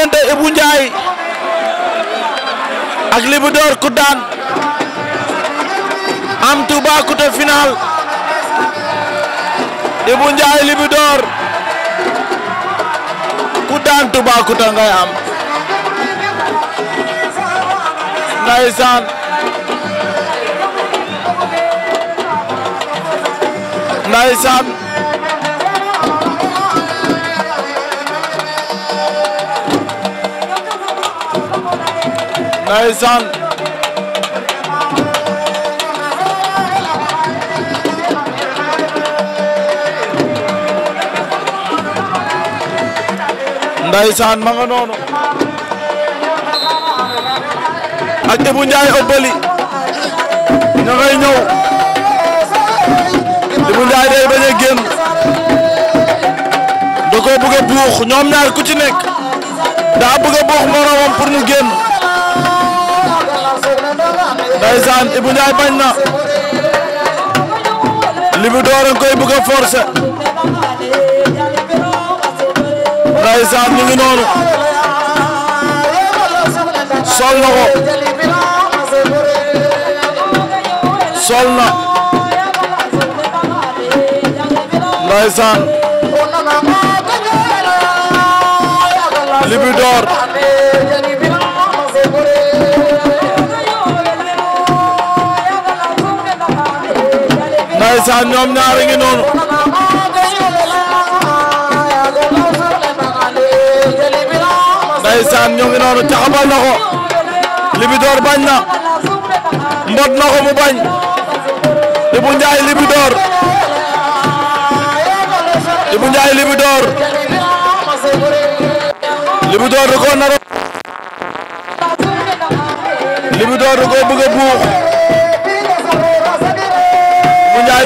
diggante Ibou Ndiaye ak Libidor ku daan am Toubacouta final Ibou Ndiaye Libidor ku daan Toubacouta ngay am ndaysaan ndaysaan ndeysaan ndeysaan ma nga noonu ak Ibou Ndiaye Obali ña ngay ñëw Ibou Ndiaye day bañ a génn da koo bëgg a buux ñoom ñaar ku ci nekk daa bëgg a buux moroomam pour génn ndeysaan Ibou Ndiaye bañ na Libidor nga koy bëgg a forcer ndeysaan ñu noonu sol na ko sol na ndeysaan Libidor ndeysaan ñoom ñaari ngi noonu ndeysaan ñoo ngi noonu caxabal na ko Libidor bañ na mbot na ko mu bañ Ibou Ndiaye Libidor Ibou Ndiaye Libidor Libidor da koo naroon Libidor da koo bëgg a buux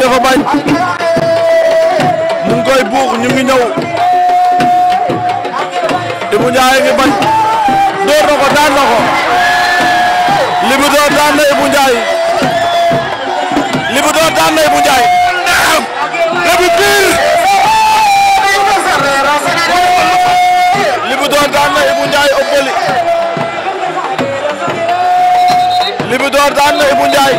dafa bañ mu ngi koy buux ñu ngi ñëw Ibou Ndiaye ngi bañ door na ko daan na ko Libidor daan na Ibou Ndiaye Libidor daan na Ibou Ndiaye Libidor daan na Ibou Ndiaye ëppali Libidor daan na Ibou Ndiaye